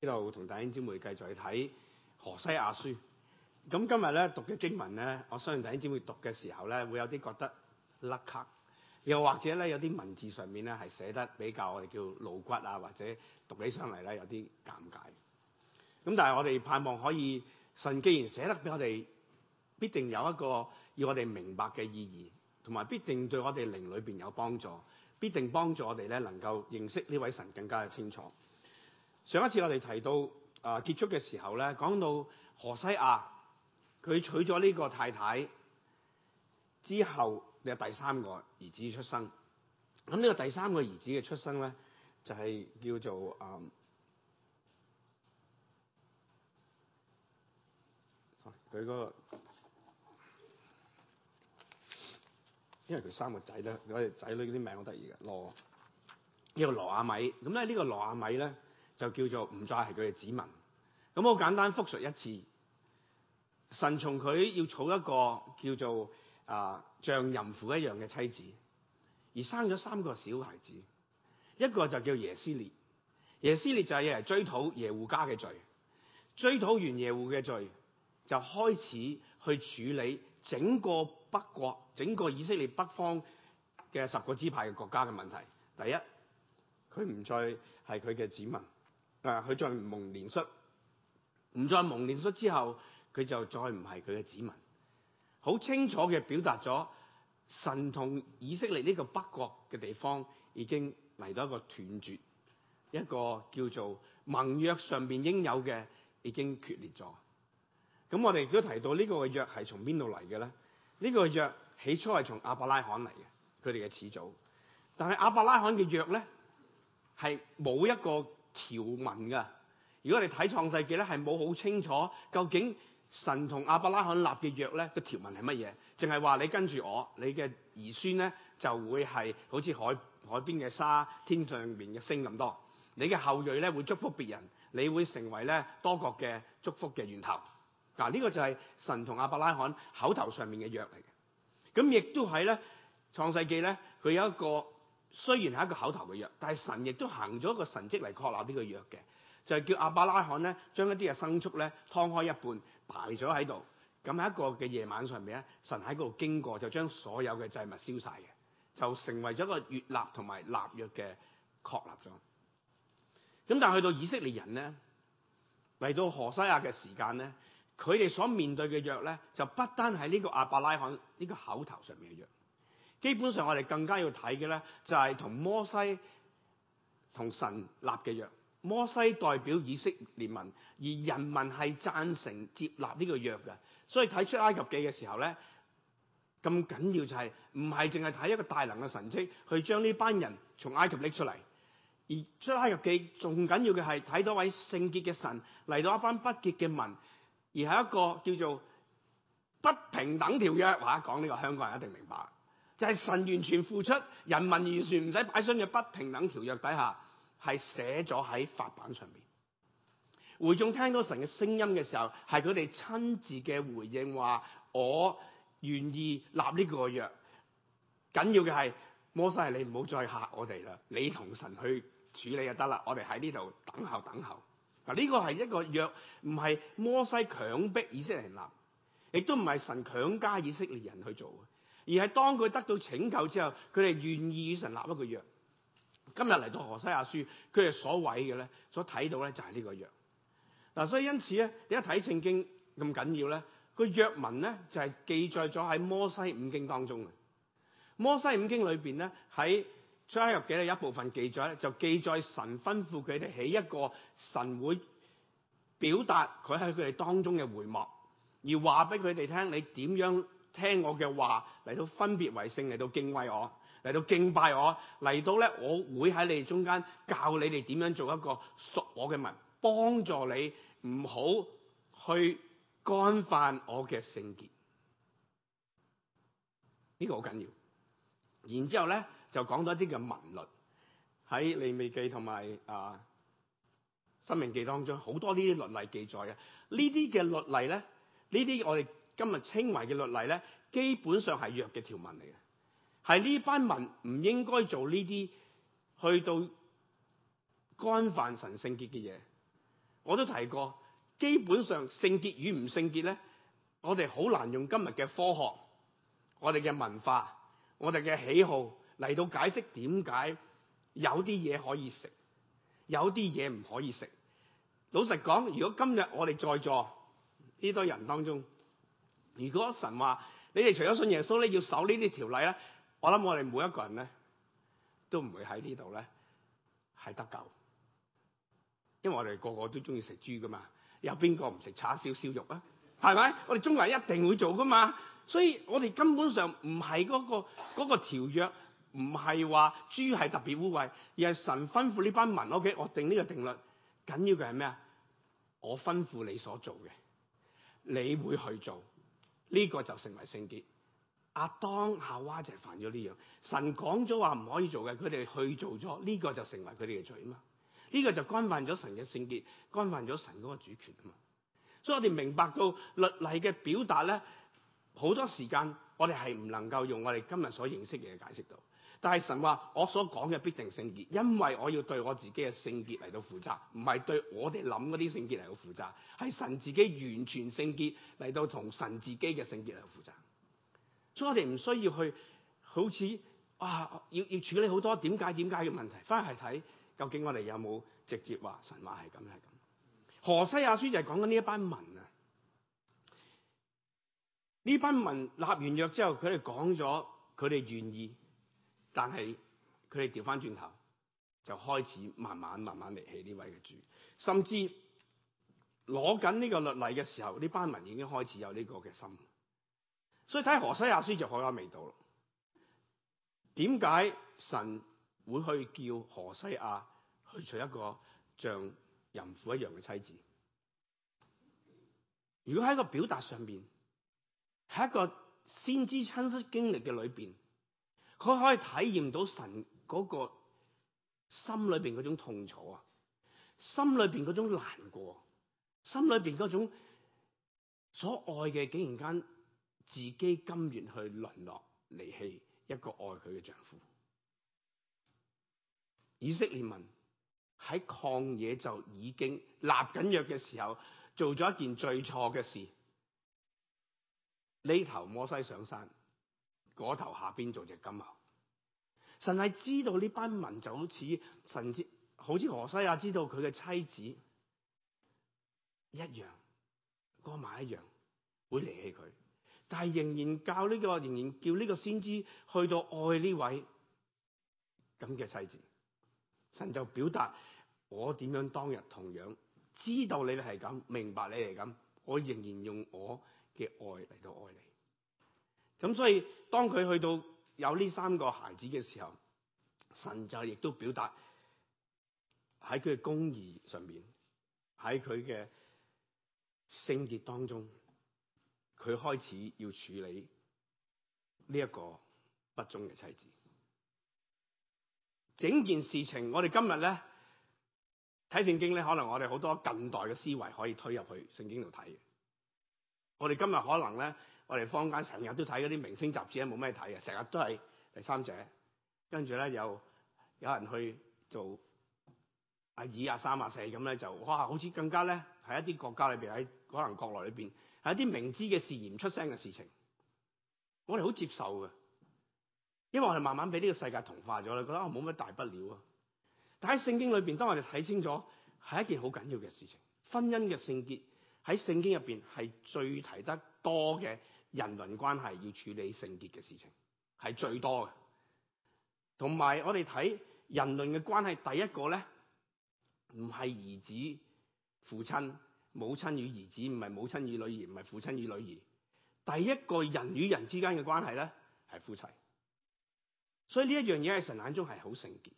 呢度同弟兄姊妹繼續去睇《何西阿書》天。咁今日咧讀嘅經文咧，我相信弟兄姊妹讀嘅時候咧，會有啲覺得甩卡，又或者咧有啲文字上面咧係寫得比較我哋叫露骨啊，或者讀起上嚟，咧有啲尷尬。咁但係我哋盼望可以神，既然寫得俾我哋，必定有一個要我哋明白嘅意義，同埋必定對我哋靈裏邊有幫助，必定幫助我哋咧能夠認識呢位神更加嘅清楚。上一次我哋提到啊，結束嘅時候咧，講到何西阿佢娶咗呢個太太之後，有第三個兒子出生。咁呢個第三個兒子嘅出生咧，就係、是、叫做啊佢、嗯那個因為佢三個仔咧，嗰啲仔女嗰啲名好得意嘅羅，呢個羅阿米。咁咧呢個羅阿米咧，就叫做唔再係佢嘅子民。咁我簡單復述一次：神從佢要娶一個叫做啊、呃、像淫婦一樣嘅妻子，而生咗三個小孩子，一個就叫耶斯列，耶斯列就係有人追討耶戶家嘅罪，追討完耶戶嘅罪，就開始去處理整個北國、整個以色列北方嘅十個支派嘅國家嘅問題。第一，佢唔再係佢嘅子民。啊！佢再蒙憐恤，唔再蒙憐恤之後，佢就再唔係佢嘅子民。好清楚嘅表達咗，神同以色列呢個北國嘅地方已經嚟到一個斷絕，一個叫做盟約上邊應有嘅已經決裂咗。咁我哋亦都提到這個是從哪裡來的呢、這個約係從邊度嚟嘅咧？呢個約起初係從亞伯拉罕嚟嘅，佢哋嘅始祖。但係亞伯拉罕嘅約咧係冇一個。條文噶，如果你睇創世記咧，係冇好清楚究竟神同亞伯拉罕立嘅約咧個條文係乜嘢？淨係話你跟住我，你嘅兒孫咧就會係好似海海邊嘅沙、天上面嘅星咁多。你嘅後裔咧會祝福別人，你會成為咧多國嘅祝福嘅源頭。嗱、啊，呢、這個就係神同亞伯拉罕口頭上面嘅約嚟嘅。咁亦都喺咧創世記咧，佢有一個。雖然係一個口頭嘅約，但係神亦都行咗一個神蹟嚟，確立呢個約嘅，就係叫亞伯拉罕咧將一啲嘅牲畜咧劏開一半擺咗喺度，咁喺一個嘅夜晚上面咧，神喺嗰度經過就將所有嘅祭物燒晒嘅，就成為咗個個立同埋立約嘅確立咗。咁但係去到以色列人咧嚟到何西阿嘅時間咧，佢哋所面對嘅約咧就不單係呢個亞伯拉罕呢個口頭上面嘅約。基本上我哋更加要睇嘅咧，就係同摩西同神立嘅約。摩西代表以色列民，而人民係贊成接納呢個約嘅。所以睇出埃及記嘅時候咧，咁緊要就係唔係淨係睇一個大能嘅神蹟去將呢班人從埃及拎出嚟。而出埃及記仲緊要嘅係睇到位聖潔嘅神嚟到一班不潔嘅民，而係一個叫做不平等條約。話講呢個香港人一定明白。就係神完全付出，人民完全唔使擺上嘅不平等條約底下，係寫咗喺法版上面。會眾聽到神嘅聲音嘅時候，係佢哋親自嘅回應話：我願意立呢個約。緊要嘅係摩西，你唔好再吓我哋啦，你同神去處理就得啦，我哋喺呢度等候等候。嗱，呢個係一個約，唔係摩西強迫以色列人立，亦都唔係神強加以色列人去做。而係當佢得到拯救之後，佢哋願意與神立一個約。今日嚟到何西阿書，佢哋所毀嘅咧，所睇到咧就係呢個約。嗱，所以因此咧，點解睇聖經咁緊要咧？個約文咧就係記載咗喺摩西五經當中嘅。摩西五經裏邊咧，喺出埃及記咧有一部分記載咧，就記載神吩咐佢哋起一個神會，表達佢喺佢哋當中嘅會幕，而話俾佢哋聽你點樣，聽我嘅話嚟到分別為聖，嚟到敬畏我，嚟到敬拜我，嚟到咧我會喺你哋中間教你哋點樣做一個屬我嘅民，幫助你唔好去干犯我嘅聖潔，呢個好緊要。然之後咧就講多啲嘅文律喺利未記同埋啊申命記當中好多呢啲律例記載嘅，呢啲嘅律例咧呢啲我哋。今日稱為嘅律例咧，基本上係弱嘅條文嚟嘅，係呢班民唔應該做呢啲去到干犯神聖潔嘅嘢。我都提過，基本上聖潔與唔聖潔咧，我哋好難用今日嘅科學、我哋嘅文化、我哋嘅喜好嚟到解釋點解有啲嘢可以食，有啲嘢唔可以食。老實講，如果今日我哋在座呢堆人當中，如果神話你哋除咗信耶穌咧，你要守呢啲條例咧，我諗我哋每一個人咧都唔會喺呢度咧係得救，因為我哋個個都中意食豬噶嘛，有邊個唔食叉燒燒肉啊？係咪？我哋中國人一定會做噶嘛，所以我哋根本上唔係嗰個、嗰個條約，唔係話豬係特別污穢，而係神吩咐呢班民，OK，我定呢個定律，緊要嘅係咩啊？我吩咐你所做嘅，你會去做。呢個就成為聖潔。亞當夏娃就係犯咗呢樣，神講咗話唔可以做嘅，佢哋去做咗，呢、這個就成為佢哋嘅罪啊嘛。呢、這個就干犯咗神嘅聖潔，干犯咗神個主權啊嘛。所以我哋明白到律例嘅表達咧，好多時間我哋係唔能夠用我哋今日所認識嘅嘢解釋到。但係神話，我所講嘅必定聖潔，因為我要對我自己嘅聖潔嚟到負責，唔係對我哋諗嗰啲聖潔嚟到負責，係神自己完全聖潔嚟到同神自己嘅聖潔嚟到負責。所以我哋唔需要去好似哇、啊，要要處理好多點解點解嘅問題，返去睇究竟我哋有冇直接話神話係咁係咁。何西阿書就係講緊呢一班民啊，呢班民立完約之後，佢哋講咗，佢哋願意。但係佢哋調翻轉頭，就開始慢慢慢慢離棄呢位嘅主，甚至攞緊呢個律例嘅時候，呢班人已經開始有呢個嘅心。所以睇何西阿書就好有味道咯。點解神會去叫何西阿去除一個像淫婦一樣嘅妻子？如果喺一個表達上邊，喺一個先知親身經歷嘅裏邊。佢可以體驗到神嗰個心裏邊嗰種痛楚啊，心裏邊嗰種難過，心裏邊嗰種所愛嘅竟然間自己甘願去淪落離棄一個愛佢嘅丈夫。以色列民喺曠野就已經立緊約嘅時候，做咗一件最錯嘅事，呢頭摩西上山。嗰頭下邊做隻金牛，神係知道呢班民就好似神知，好似何西亞知道佢嘅妻子一樣，哥瑪一樣會離棄佢，但係仍然教呢個，仍然叫呢個先知去到愛呢位咁嘅妻子。神就表達，我點樣當日同樣知道你哋係咁，明白你哋咁，我仍然用我嘅愛嚟到愛你。咁所以。當佢去到有呢三個孩子嘅時候，神就亦都表達喺佢嘅公義上面，喺佢嘅聖潔當中，佢開始要處理呢一個不忠嘅妻子。整件事情，我哋今日咧睇聖經咧，可能我哋好多近代嘅思維可以推入去聖經度睇嘅。我哋今日可能咧。我哋坊間成日都睇嗰啲明星雜誌咧，冇咩睇嘅，成日都係第三者，跟住咧有有人去做阿二、啊、三啊、四咁咧，就哇，好似更加咧喺一啲國家裏面，喺可能國內裏邊係一啲明知嘅事而唔出聲嘅事情，我哋好接受嘅，因為我哋慢慢俾呢個世界同化咗啦，覺得我冇乜大不了啊。但喺聖經裏面，當我哋睇清楚，係一件好緊要嘅事情。婚姻嘅聖潔喺聖經入面係最提得多嘅。人倫關係要處理聖潔嘅事情係最多嘅，同埋我哋睇人倫嘅關係，第一個咧唔係兒子、父親、母親與兒子，唔係母親與女兒，唔係父親與女兒。第一個人與人之間嘅關係咧係夫妻，所以呢一樣嘢喺神眼中係好聖潔，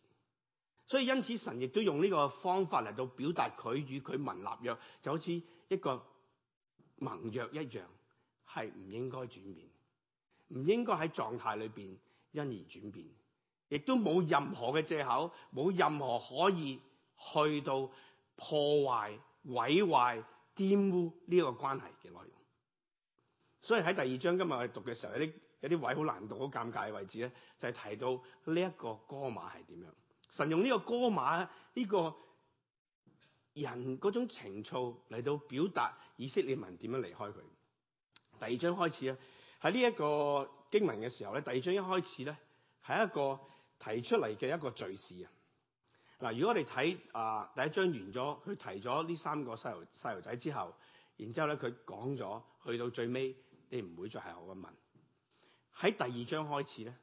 所以因此神亦都用呢個方法嚟到表達佢與佢民立約，就好似一個盟約一樣。係唔應該轉變，唔應該喺狀態裏邊因而轉變，亦都冇任何嘅借口，冇任何可以去到破壞、毀壞、玷污呢個關係嘅內容。所以喺第二章今日我哋讀嘅時候，有啲有啲位好難讀、好尷尬嘅位置咧，就係、是、提到呢一個歌瑪係點樣？神用呢個歌瑪呢、這個人嗰種情操嚟到表達以色列民點樣離開佢。第二章開始啊！喺呢一個經文嘅時候咧，第二章一開始咧，係一個提出嚟嘅一個敘事啊！嗱，如果我哋睇啊第一章完咗，佢提咗呢三個細路細路仔之後，然之後咧佢講咗，去到最尾你唔會再係我嘅民。喺第二章開始咧，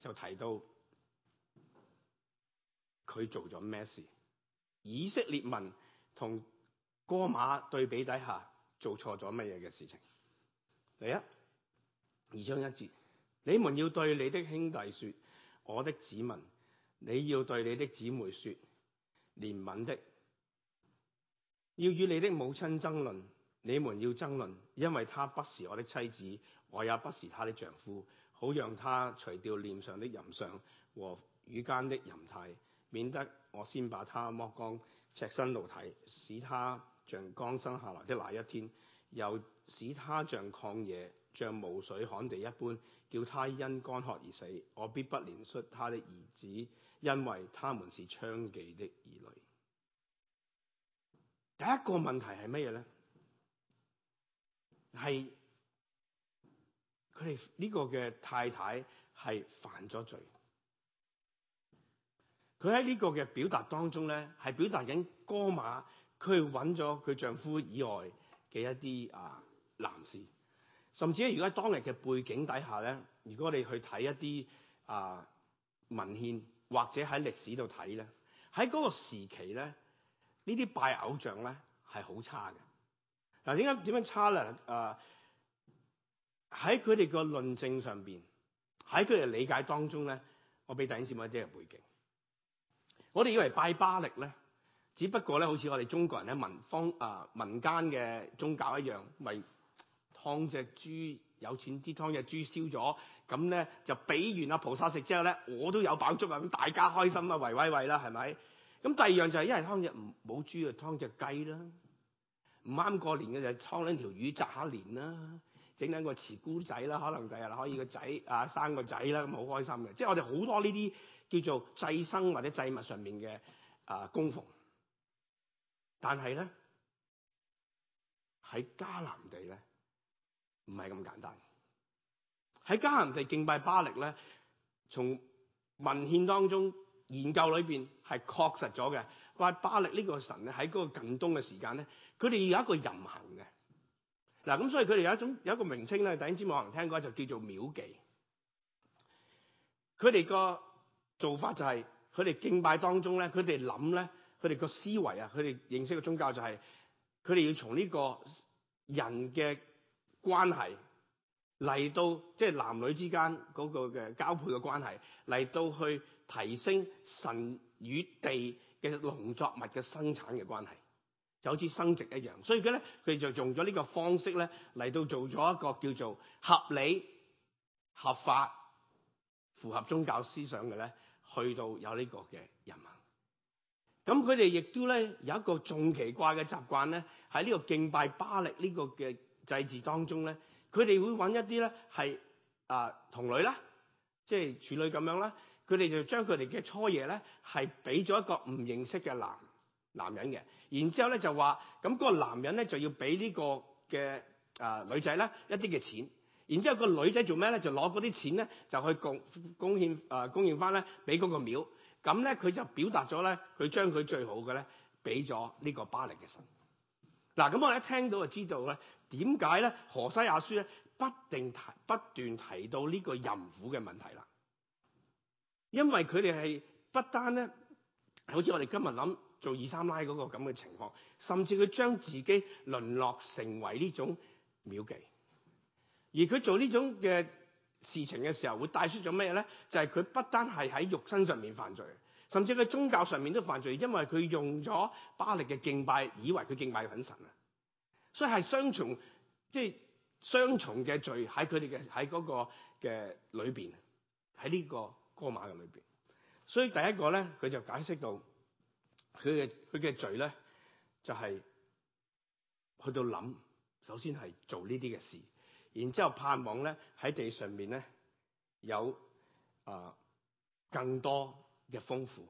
就提到佢做咗咩事？以色列民同哥馬對比底下。做錯咗乜嘢嘅事情？第一，二章一節，你們要對你的兄弟説：我的子民，你要對你的姊妹説，憐憫的，要與你的母親爭論。你們要爭論，因為她不是我的妻子，我也不是她的丈夫。好讓她除掉臉上的淫相和乳間的淫態，免得我先把她剝光赤身露體，使她。像剛生下來的那一天，又使他像曠野、像無水旱地一般，叫他因乾渴而死。我必不憐恤他的兒子，因為他們是娼妓的兒女。第一個問題係乜嘢咧？係佢哋呢個嘅太太係犯咗罪。佢喺呢個嘅表達當中咧，係表達緊哥瑪。佢揾咗佢丈夫以外嘅一啲啊男士，甚至咧，如果當日嘅背景底下咧，如果你去睇一啲啊文獻或者喺歷史度睇咧，喺嗰個時期咧，呢啲拜偶像咧係好差嘅。嗱點解點樣差咧？啊喺佢哋個論證上邊，喺佢哋理解當中咧，我俾弟兄姊妹一啲嘅背景。我哋以為拜巴力咧。只不過咧，好似我哋中國人喺民方啊、呃、民間嘅宗教一樣，咪劏隻豬，有錢啲劏隻豬燒咗，咁咧就俾完阿、啊、菩薩食之後咧，我都有飽足啊，咁大家開心啊，喂喂喂啦，係咪？咁第二樣就係、是，因為劏隻唔冇豬啊，劏隻雞啦，唔啱過年嘅就劏兩條魚，炸下年啦，整兩個慈姑仔啦，可能第日可以個仔啊生個仔啦，咁好開心嘅。即係我哋好多呢啲叫做祭生或者祭物上面嘅啊、呃、供奉。但係咧，喺迦南地咧，唔係咁簡單。喺迦南地敬拜巴力咧，從文獻當中研究裏邊係確實咗嘅。話巴力呢個神咧，喺嗰個近東嘅時間咧，佢哋有一個淫行嘅。嗱、啊，咁所以佢哋有一種有一個名稱咧，大家知冇可能聽過，就叫做廟妓。佢哋個做法就係佢哋敬拜當中咧，佢哋諗咧。佢哋個思維啊，佢哋認識嘅宗教就係佢哋要從呢個人嘅關係嚟到，即係男女之間嗰個嘅交配嘅關係嚟到去提升神與地嘅農作物嘅生產嘅關係，就好似生殖一樣。所以佢咧，佢哋就用咗呢個方式咧嚟到做咗一個叫做合理、合法、符合宗教思想嘅咧，去到有呢個嘅人民。咁佢哋亦都咧有一個仲奇怪嘅習慣咧，喺呢個敬拜巴力呢個嘅祭祀當中咧，佢哋會揾一啲咧係啊童女啦，即係處女咁樣啦，佢哋就將佢哋嘅初夜咧係俾咗一個唔認識嘅男男人嘅，然之後咧就話，咁嗰個男人咧就要俾呢個嘅女仔咧一啲嘅錢，然之後個女仔做咩咧就攞嗰啲錢咧就去貢貢獻啊貢獻返咧俾嗰個廟。咁咧，佢就表達咗咧，佢將佢最好嘅咧，俾咗呢個巴力嘅神。嗱，咁我一聽到就知道咧，點解咧何西阿書咧不，不斷提不斷提到呢個淫婦嘅問題啦？因為佢哋係不單咧，好似我哋今日諗做二三奶嗰個咁嘅情況，甚至佢將自己淪落成為呢種廟妓，而佢做呢種嘅。事情嘅時候會帶出咗咩咧？就係佢不單係喺肉身上面犯罪，甚至佢宗教上面都犯罪，因為佢用咗巴力嘅敬拜，以為佢敬拜緊神啊！所以係雙重，即係雙重嘅罪喺佢哋嘅喺個嘅裏邊，喺呢個歌馬嘅裏邊。所以第一個咧，佢就解釋到佢嘅佢嘅罪咧，就係去到諗，首先係做呢啲嘅事。然之後盼望咧喺地上面咧有啊更多嘅豐富。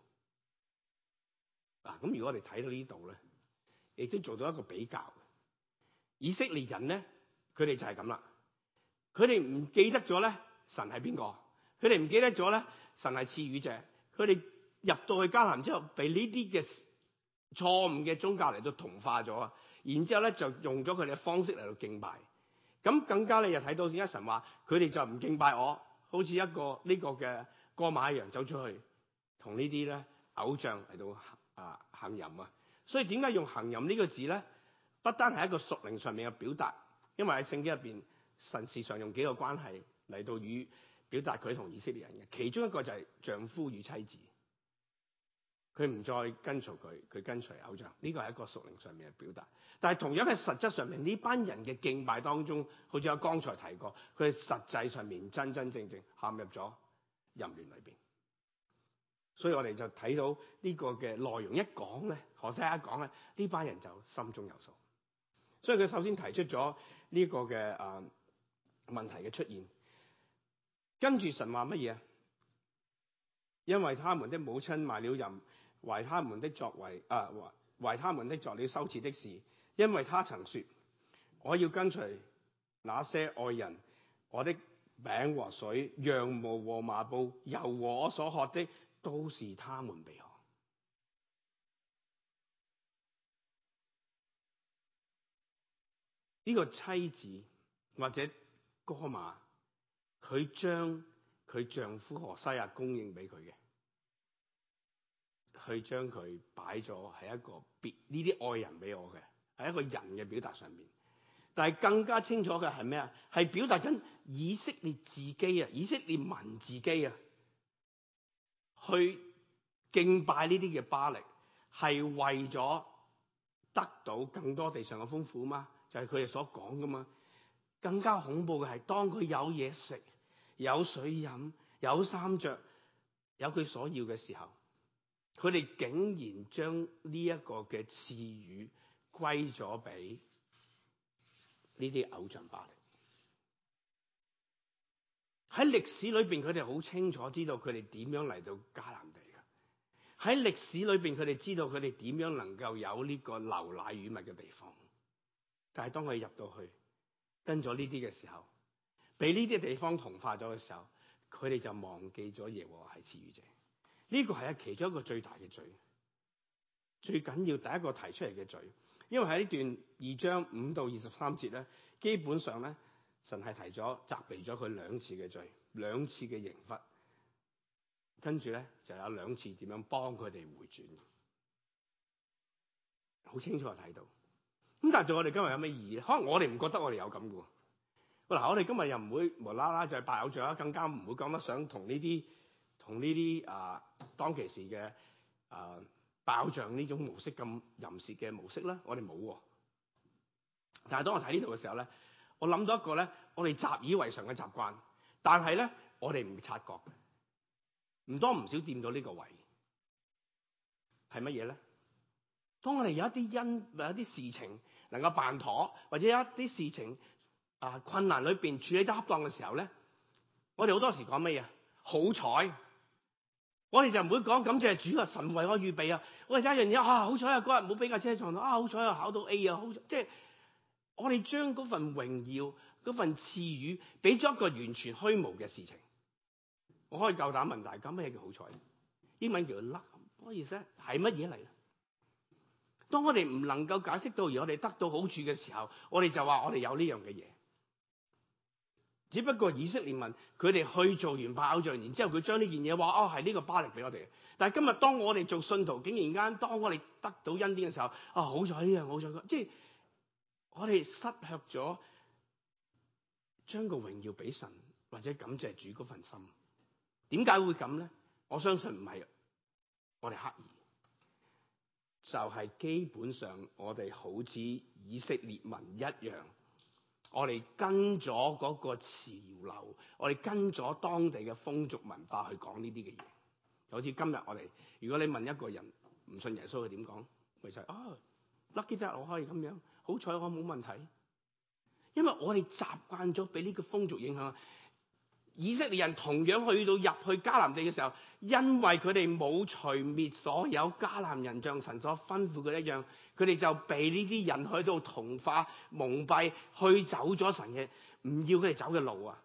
嗱，咁如果我哋睇到呢度咧，亦都做到一個比較。以色列人咧，佢哋就係咁啦。「佢哋唔記得咗咧神係邊個，佢哋唔記得咗咧神係賜雨者。」佢哋入到去迦南之後，被呢啲嘅錯誤嘅宗教嚟到同化咗，然之後咧就用咗佢哋嘅方式嚟到敬拜。咁更加咧又睇到點解神話佢哋就唔敬拜我，好似一個呢個嘅哥馬一樣走出去，同呢啲咧偶像嚟到啊行淫啊！所以點解用行淫呢個字咧？不單係一個屬靈上面嘅表達，因為喺聖經入邊，神係常用幾個關係嚟到與表達佢同以色列人嘅，其中一個就係丈夫與妻子。佢唔再跟隨佢，佢跟隨偶像，呢個係一個屬靈上面嘅表達。但係同樣嘅實質上面，呢班人嘅敬拜當中，好似我剛才提過，佢實際上面真真正正陷入咗淫亂裏邊。所以我哋就睇到呢個嘅內容一講咧，何西阿一講咧，呢班人就心中有數。所以佢首先提出咗呢個嘅啊問題嘅出現，跟住神話乜嘢？因為他們的母親賣了淫。為他們的作為啊，為他們的作了羞恥的事，因為他曾說：我要跟隨那些愛人，我的餅和水、羊毛和麻布、由我所學的，都是他們被好。呢、這個妻子或者哥瑪，佢將佢丈夫何西阿供應俾佢嘅。去將佢擺咗喺一個別呢啲愛人俾我嘅，喺一個人嘅表達上面。但係更加清楚嘅係咩啊？係表達緊以色列自己啊、以色列民自己啊，去敬拜呢啲嘅巴力，係為咗得到更多地上嘅豐富嘛。就係佢哋所講噶嘛。更加恐怖嘅係，當佢有嘢食、有水飲、有衫着、有佢所要嘅時候。佢哋竟然將呢一個嘅賜予歸咗俾呢啲偶像巴力。喺歷史裏邊，佢哋好清楚知道佢哋點樣嚟到迦南地嘅。喺歷史裏邊，佢哋知道佢哋點樣能夠有呢個流奶與蜜嘅地方。但係當佢入到去跟咗呢啲嘅時候，被呢啲地方同化咗嘅時候，佢哋就忘記咗耶和華係賜予者。呢個係啊其中一個最大嘅罪，最緊要第一個提出嚟嘅罪，因為喺呢段二章五到二十三節咧，基本上咧神係提咗責備咗佢兩次嘅罪，兩次嘅刑罰，跟住咧就有兩次點樣幫佢哋回轉，好清楚睇到。咁但係對我哋今日有咩意義？可能我哋唔覺得我哋有咁嘅喎。嗱，我哋今日又唔會無啦啦就係拜偶像啦，更加唔會講得想同呢啲。同呢啲啊，當其時嘅啊爆漲呢種模式，咁淫褻嘅模式啦，我哋冇喎。但係當我睇呢度嘅時候咧，我諗到一個咧，我哋習以為常嘅習慣，但係咧我哋唔察覺，唔多唔少掂到呢個位係乜嘢咧？當我哋有一啲因有一啲事情能夠辦妥，或者有一啲事情啊困難裏邊處理得恰當嘅時候咧，我哋好多時講乜嘢？好彩！我哋就唔會講感謝主啊，神為我預備啊！我哋有一樣嘢啊，好彩啊嗰日冇俾架車撞到啊，好彩啊考到 A 啊，好彩啊即係我哋將嗰份榮耀、嗰份賜予，俾咗一個完全虛無嘅事情。我可以夠膽問大家咩叫好彩？英文叫 luck 我意思係乜嘢嚟？當我哋唔能夠解釋到而我哋得到好處嘅時候，我哋就話我哋有呢樣嘅嘢。只不過以色列民佢哋去做完拜偶像，然之後佢將呢件嘢話：哦，係呢個巴力俾我哋。但係今日當我哋做信徒，竟然間當我哋得到恩典嘅時候，啊、哦，好彩呢樣，好彩。即係我哋失卻咗將個榮耀俾神，或者感謝主嗰份心，點解會咁咧？我相信唔係我哋刻意，就係、是、基本上我哋好似以色列民一樣。我哋跟咗嗰個潮流，我哋跟咗當地嘅風俗文化去講呢啲嘅嘢。就好似今日我哋，如果你問一個人唔信耶穌佢點講？咪就係啊 lucky 得我可以咁樣，好彩我冇問題，因為我哋習慣咗俾呢個風俗影響。以色列人同樣去到入去迦南地嘅時候，因為佢哋冇除滅所有迦南人，像神所吩咐嘅一樣，佢哋就被呢啲人去到同化、蒙蔽，去走咗神嘅唔要佢哋走嘅路啊！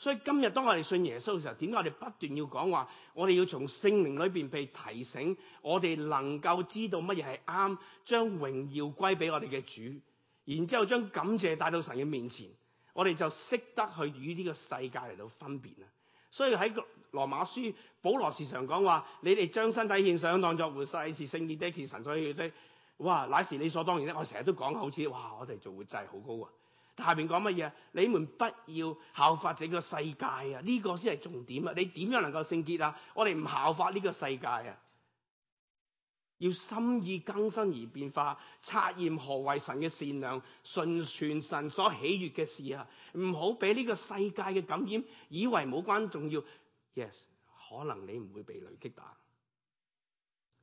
所以今日當我哋信耶穌嘅時候，點解我哋不斷要講話？我哋要從聖靈裏面被提醒，我哋能夠知道乜嘢係啱，將榮耀歸俾我哋嘅主，然之後將感謝帶到神嘅面前。我哋就識得去與呢個世界嚟到分別啦，所以喺羅馬書保羅時常講話：你哋將身體獻上當作活祭，是聖潔的，是神所要的。哇，那時理所當然咧。我成日都講，好似哇，我哋做活祭好高啊！但下邊講乜嘢啊？你們不要效法這個世界啊！呢個先係重點啊！你點樣能夠聖潔啊？我哋唔效法呢個世界啊！要心意更新而變化，察驗何為神嘅善良，順從神所喜悅嘅事啊！唔好俾呢個世界嘅感染，以為冇關重要。Yes，可能你唔會被雷擊打，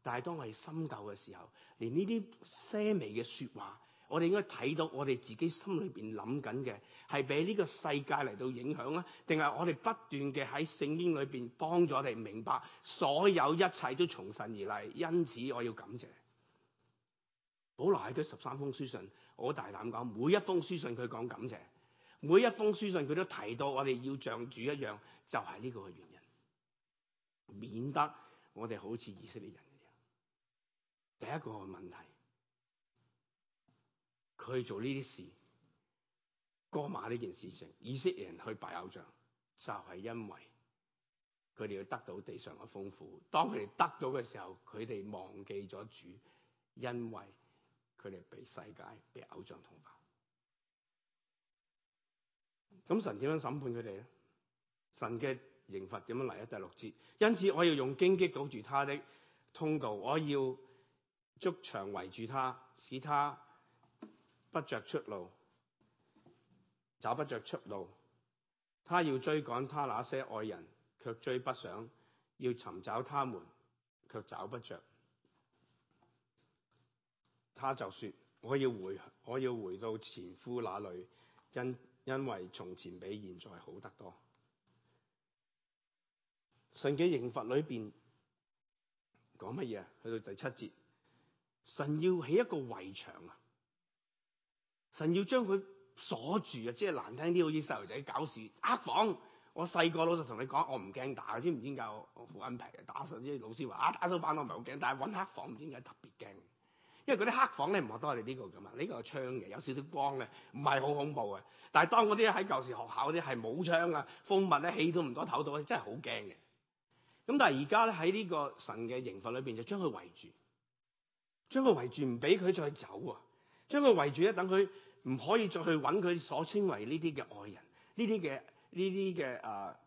但係當我哋深究嘅時候，連呢啲些微嘅說話。我哋應該睇到我哋自己心裏面諗緊嘅係俾呢個世界嚟到影響啊，定係我哋不斷嘅喺聖經裏面幫助我哋明白所有一切都從神而嚟，因此我要感謝。保羅喺佢十三封書信，我大膽講每一封書信佢講感謝，每一封書信佢都提到我哋要像主一樣，就係、是、呢個嘅原因，免得我哋好似以色列人一樣。第一個問題。佢做呢啲事，過馬呢件事情，以色列人去拜偶像，就係、是、因為佢哋要得到地上嘅豐富。當佢哋得到嘅時候，佢哋忘記咗主，因為佢哋被世界、被偶像同化。咁神點樣審判佢哋咧？神嘅刑罰點樣嚟咧？第六節，因此我要用荊棘堵住他的通道，我要築牆圍住他，使他。不着出路，找不着出路。他要追趕他那些愛人，却追不上；要尋找他們，却找不着。他就說：我要回，我要回到前夫那裏，因因為從前比現在好得多。神嘅刑罰裏邊講乜嘢？去到第七節，神要起一個圍牆啊！神要將佢鎖住啊！即係難聽啲，好似細路仔搞事黑房。我細個老實同你講，我唔驚打，知唔知點解？我我好頑皮啊！打，甚至老師話啊，打手板我唔係好驚，但係搵黑房唔知點解特別驚。因為嗰啲黑房咧唔學得我哋呢個咁啊，呢、這個有窗嘅，有少少光嘅，唔係好恐怖啊。但係當嗰啲喺舊時學校嗰啲係冇窗啊，封閉咧，氣都唔多，唞到真係好驚嘅。咁但係而家咧喺呢個神嘅刑罰裏邊，就將佢圍住，將佢圍住唔俾佢再走啊！將佢圍住咧，等佢。唔可以再去揾佢所稱為呢啲嘅愛人，呢啲嘅呢啲嘅啊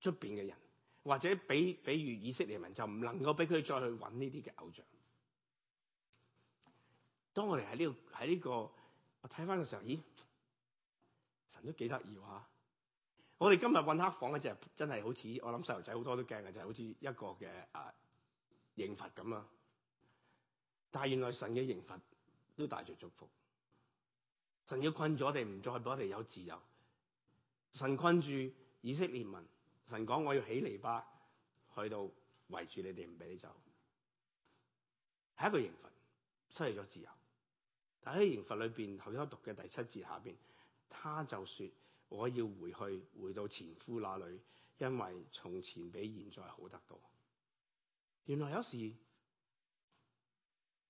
出邊嘅人，或者比比如以色列民就唔能夠俾佢再去揾呢啲嘅偶像。當我哋喺呢度喺呢個在、這個、我睇翻嘅時候，咦？神都幾得意吓。我哋今日揾黑房嘅就真係好似我諗，細路仔好多都驚嘅，就係、是、好似一個嘅啊刑罰咁啊！但係原來神嘅刑罰都帶着祝福。神要困咗我哋，唔再俾我哋有自由。神困住以色列民，神講我要起籬笆，去到圍住你哋，唔俾你走。係一個刑罰，失去咗自由。但喺刑罰裏邊，頭先我讀嘅第七節下邊，他就說：我要回去，回到前夫那裏，因為從前比現在好得多。原來有時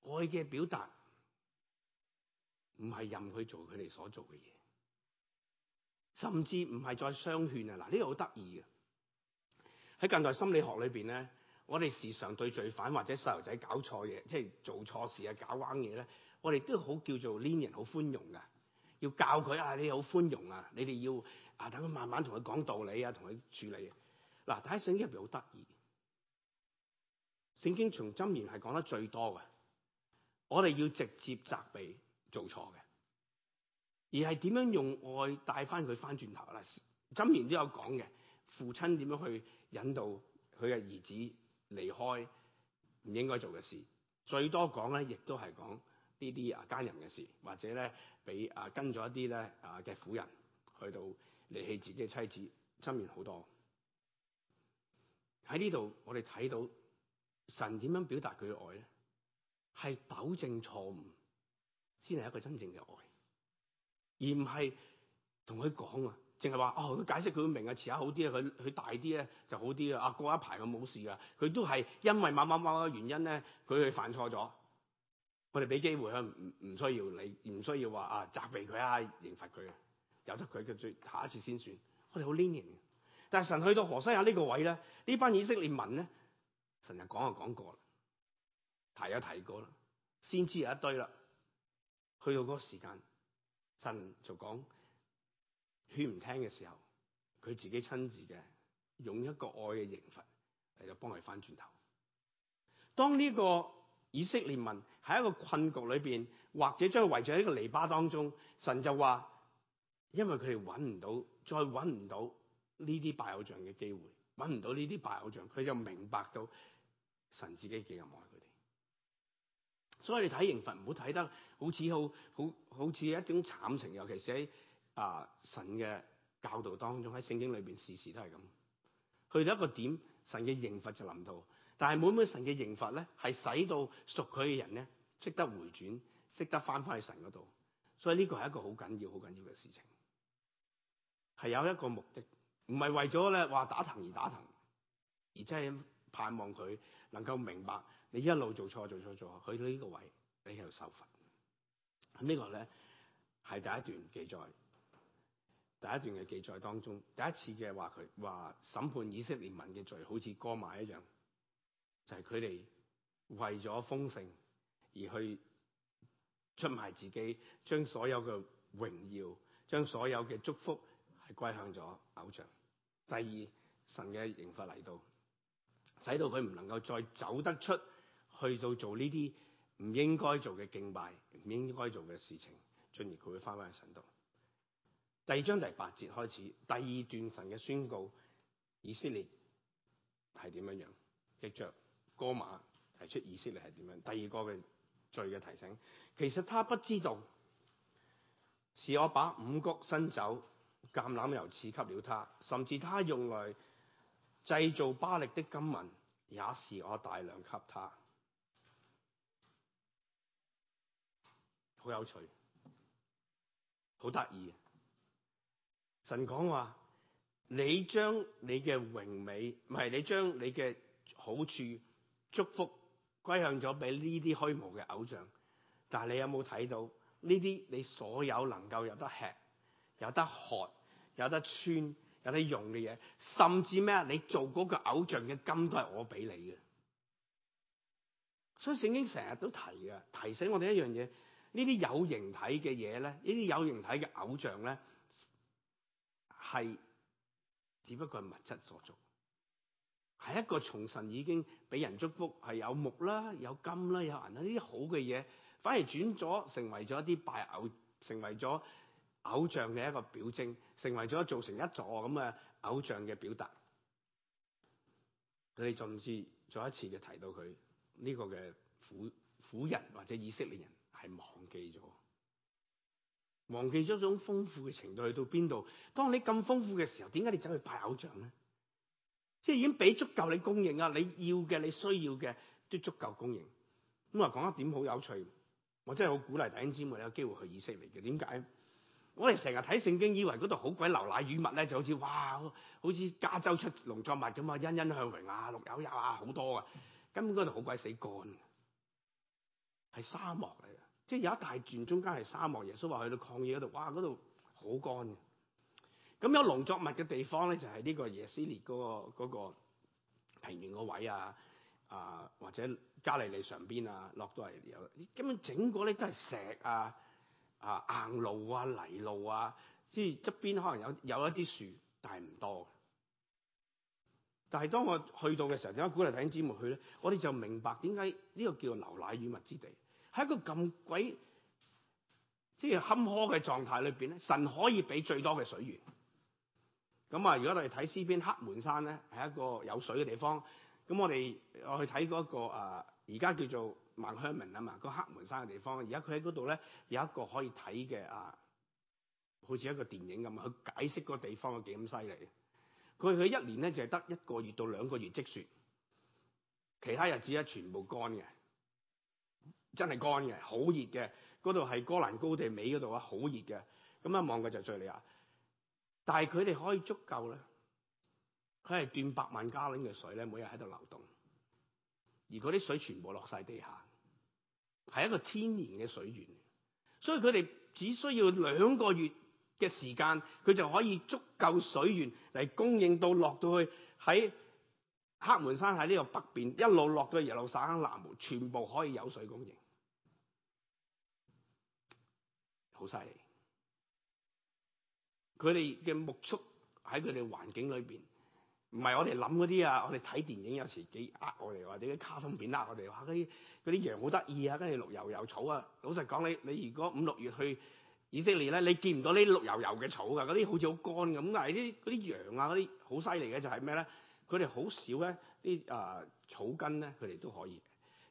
愛嘅表達。唔係任佢做佢哋所做嘅嘢，甚至唔係再相勸啊！嗱、這個，呢個好得意嘅喺近代心理學裏邊咧，我哋時常對罪犯或者細路仔搞錯嘢，即係做錯事啊、搞彎嘢咧，我哋都好叫做 len 人，好寬容嘅，要教佢啊！你好寬容啊，你哋要啊，等佢慢慢同佢講道理啊，同佢處理。嗱，睇聖經入邊好得意，聖經從箴言係講得最多嘅，我哋要直接責備。做錯嘅，而係點樣用愛帶翻佢翻轉頭啦？箴言都有講嘅，父親點樣去引導佢嘅兒子離開唔應該做嘅事？最多講咧，亦都係講呢啲啊奸淫嘅事，或者咧俾啊跟咗一啲咧啊嘅婦人去到離棄自己嘅妻子。箴言好多喺呢度，我哋睇到神點樣表達佢嘅愛咧，係糾正錯誤先係一個真正嘅愛，而唔係同佢講啊，淨係話哦，佢解釋佢會明啊，遲下好啲啊，佢佢大啲咧就好啲啊，啊過一排佢冇事噶，佢都係因為某某某個原因咧，佢去犯錯咗。我哋俾機會佢，唔唔需要你唔需要話啊責備佢啊，刑罰佢啊，由得佢嘅最下一次先算。我哋好 lenient 嘅但係神去到何西阿呢個位咧，呢班以色列民咧，神日說就講就講過啦，提就提過啦，先知有一堆啦。去到嗰個時間，神就講，勸唔聽嘅時候，佢自己親自嘅用一個愛嘅刑罰嚟到幫佢翻轉頭。當呢個以色列民喺一個困局裏邊，或者將佢圍住喺一個籬笆當中，神就話：因為佢哋揾唔到，再揾唔到呢啲拜偶像嘅機會，揾唔到呢啲拜偶像，佢就明白到神自己幾咁愛佢哋。所以你睇，刑罰唔好睇得好似好好好似一種慘情，尤其是喺啊、呃、神嘅教導當中，喺聖經裏邊時時都係咁。去到一個點，神嘅刑罰就臨到，但係每每神嘅刑罰咧，係使到屬佢嘅人咧，識得回轉，識得返返去神嗰度。所以呢個係一個好緊要、好緊要嘅事情，係有一個目的，唔係為咗咧話打藤而打藤，而真係盼望佢能夠明白。你一路做錯做錯做錯，去到呢個位，你喺度受罰。咁、這個、呢個咧係第一段記載，第一段嘅記載當中，第一次嘅話佢話審判以色列民嘅罪，好似歌瑪一樣，就係佢哋為咗豐盛而去出賣自己，將所有嘅榮耀、將所有嘅祝福係歸向咗偶像。第二，神嘅刑罰嚟到，使到佢唔能夠再走得出。去到做呢啲唔應該做嘅敬拜、唔應該做嘅事情，進而佢會翻返去神度。第二章第八節開始，第二段神嘅宣告，以色列係點樣樣，藉着哥馬提出以色列係點樣，第二個嘅罪嘅提醒，其實他不知道，是我把五穀新酒、橄欖油賜給了他，甚至他用來製造巴力的金銀也是我大量給他。好有趣，好得意啊！神講話，你將你嘅榮美，唔係你將你嘅好處、祝福歸向咗俾呢啲虛無嘅偶像。但係你有冇睇到呢啲？這些你所有能夠有得吃、有得喝、有得穿、有得，有得用嘅嘢，甚至咩啊？你做嗰個偶像嘅金都係我俾你嘅。所以聖經成日都提嘅，提醒我哋一樣嘢。呢啲有形體嘅嘢咧，呢啲有形體嘅偶像咧，係只不過係物質所造，係一個從神已經俾人祝福，係有木啦、有金啦、有銀啦，呢啲好嘅嘢，反而轉咗成為咗一啲拜偶，成為咗偶像嘅一個表徵，成為咗造成一座咁嘅偶像嘅表達。佢哋甚至再一次就提到佢呢、這個嘅婦婦人或者以色列人。係忘記咗，忘記咗種豐富嘅程度去到邊度？當你咁豐富嘅時候，點解你走去拜偶像咧？即係已經俾足夠你供應啊！你要嘅，你需要嘅都足夠供應。咁啊，講一點好有趣，我真係好鼓勵弟兄姊妹你有機會去以色列嘅。點解？我哋成日睇聖經，以為嗰度好鬼流奶與蜜咧，就好似哇，好似加州出農作物咁啊，欣欣向榮啊，綠油油啊，好多啊，根本嗰度好鬼死乾，係沙漠嚟。即係有一大段中間係沙漠，耶穌話去到曠野嗰度，哇，嗰度好乾嘅。咁有農作物嘅地方咧，就係、係、呢個耶斯列嗰、嗰個嗰個平原個位啊，啊或者加利利上邊啊，落都係有。根本整個咧都係石啊，啊硬路啊、泥路啊，即係側邊可能有有一啲樹，但係唔多。但係當我去到嘅時候，點解鼓勵弟兄姊妹去咧？我哋就明白點解呢個叫做牛奶與蜜之地。喺一個咁鬼即係坎坷嘅狀態裏邊咧，神可以俾最多嘅水源。咁啊，如果你哋睇呢邊黑門山咧，係一個有水嘅地方。咁我哋我去睇嗰個啊，而家叫做孟香明啊嘛，erman, 個黑門山嘅地方。而家佢喺嗰度咧有一個可以睇嘅啊，好似一個電影咁啊去解釋嗰個地方有幾咁犀利。佢佢一年咧就係得一個月到兩個月積雪，其他日子咧全部乾嘅。真係乾嘅，好熱嘅，度係哥蘭高地尾度啊，好熱嘅，咁一望佢就是敘利亞，但係佢哋可以足夠咧，佢係斷百萬加侖嘅水咧，每日喺度流動，而啲水全部落晒地下，係一個天然嘅水源，所以佢哋只需要兩個月嘅時間，佢就可以足夠水源嚟供應到落到去喺黑門山喺呢個北邊一路落到去耶路撒冷南部，全部可以有水供應。好犀利！佢哋嘅牧畜喺佢哋環境裏邊，唔係我哋諗嗰啲啊！我哋睇電影有時幾呃我哋，或者啲卡通片呃我哋，話嗰啲啲羊好得意啊，跟住綠油油草啊。老實講，你你如果五六月去以色列咧，你見唔到呢綠油油嘅草噶，嗰啲好似好乾咁。但係啲啲羊啊，嗰啲好犀利嘅就係咩咧？佢哋好少咧啲啊草根咧，佢哋都可以。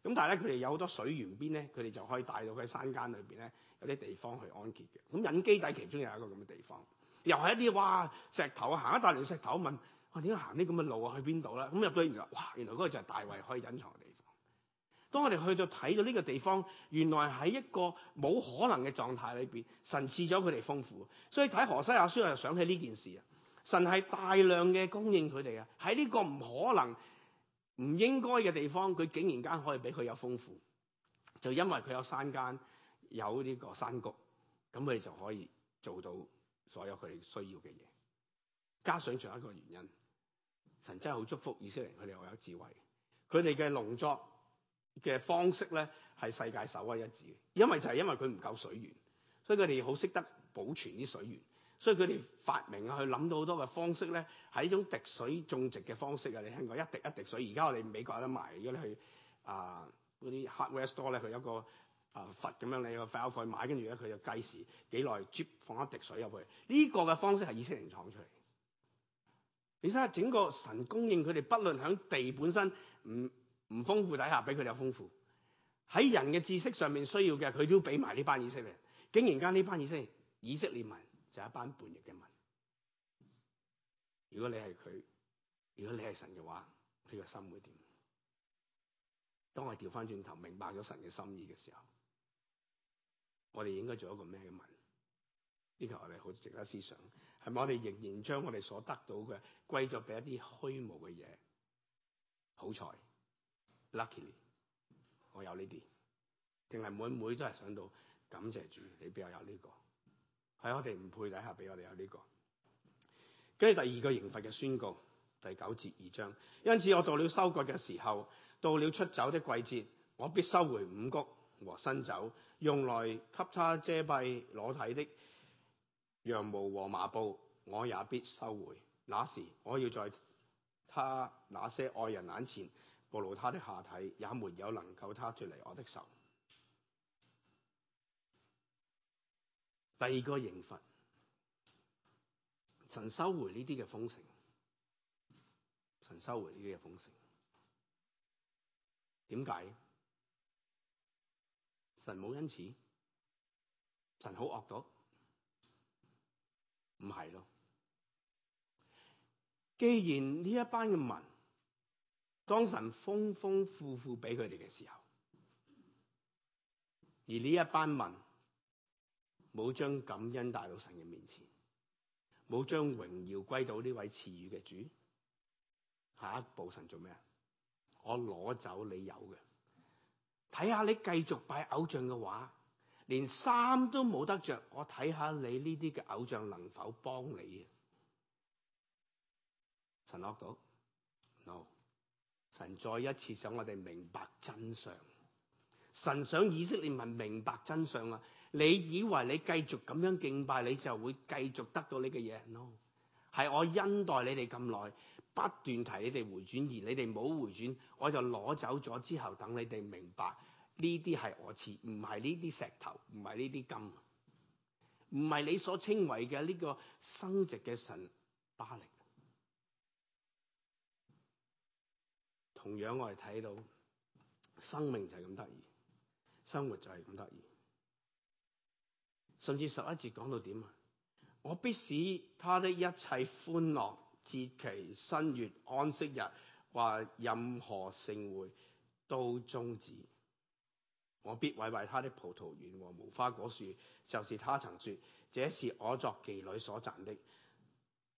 咁但係咧，佢哋有好多水源邊咧，佢哋就可以帶到佢喺山間裏邊咧。啲地方去安歇嘅，咁隱基底其中有一個咁嘅地方，又係一啲哇石頭，行一大亂石頭，問我點解行呢咁嘅路啊？去邊度咧？咁入到嚟，哇！原來嗰個就係大衛可以隱藏嘅地方。當我哋去到睇到呢個地方，原來喺一個冇可能嘅狀態裏邊，神賜咗佢哋豐富。所以睇何西阿書又想起呢件事啊！神係大量嘅供應佢哋啊！喺呢個唔可能、唔應該嘅地方，佢竟然間可以俾佢有豐富，就因為佢有山間。有呢個山谷，咁佢就可以做到所有佢哋需要嘅嘢。加上仲有一個原因，神真係好祝福以色列，佢哋好有智慧，佢哋嘅農作嘅方式咧係世界首屈一指。因為就係因為佢唔夠水源，所以佢哋好識得保存啲水源，所以佢哋發明啊去諗到好多嘅方式咧，係一種滴水種植嘅方式啊！你聽過一滴一滴水？而家我哋美國在、呃、那 store，有得賣，如果你去啊嗰啲 hardware store 咧，佢有個。啊！佛咁樣你個 file 買，跟住咧佢就計時幾耐 d 放一滴水入去。呢個嘅方式係以色列人創出嚟。而且整個神供應佢哋，不論喺地本身唔唔豐富底下，俾佢哋豐富。喺人嘅知識上面需要嘅，佢都俾埋呢班以色列人。竟然間呢班以色列以色列人就係一班叛逆嘅民。如果你係佢，如果你係神嘅話，你個心會點？當我調翻轉頭明白咗神嘅心意嘅時候，我哋應該做一個咩嘅問？呢個我哋好值得思想，係咪我哋仍然將我哋所得到嘅歸咗俾一啲虛無嘅嘢？好彩，lucky，我有呢啲，定係每每都係想到感謝主，你比較有呢個，喺我哋唔配底下俾我哋有呢個。跟住第二個刑罰嘅宣告，第九節二章，因此我到了收割嘅時候，到了出走的季節，我必收回五穀和新酒，用來給他遮蔽裸體的羊毛和麻布，我也必收回。那時我要在他那些愛人眼前暴露他的下體，也沒有能夠他脱離我的手。第二個刑罰，神收回呢啲嘅豐盛，神收回呢啲嘅豐盛，點解？神冇因此，神好惡毒，唔係咯。既然呢一班嘅民，當神豐豐富富俾佢哋嘅時候，而呢一班民冇將感恩帶到神嘅面前，冇將榮耀歸到呢位賜予嘅主，下一步神做咩？我攞走你有嘅。睇下你繼續拜偶像嘅話，連衫都冇得著。我睇下你呢啲嘅偶像能否幫你啊？神學到，no。神再一次想我哋明白真相。神想以色列民明白真相啊！你以為你繼續咁樣敬拜，你就會繼續得到你嘅嘢？no。係我恩待你哋咁耐。不斷提你哋回轉，而你哋冇回轉，我就攞走咗之後，等你哋明白呢啲係我賜，唔係呢啲石頭，唔係呢啲金，唔係你所稱為嘅呢個生殖嘅神巴力。同樣我哋睇到生命就係咁得意，生活就係咁得意。甚至十一節講到點啊？我必使他的一切歡樂。節期新月、安息日，話任何盛會都終止。我必毀壞他的葡萄園和無花果樹，就是他曾說：「這是我作妓女所賺的，